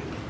about it.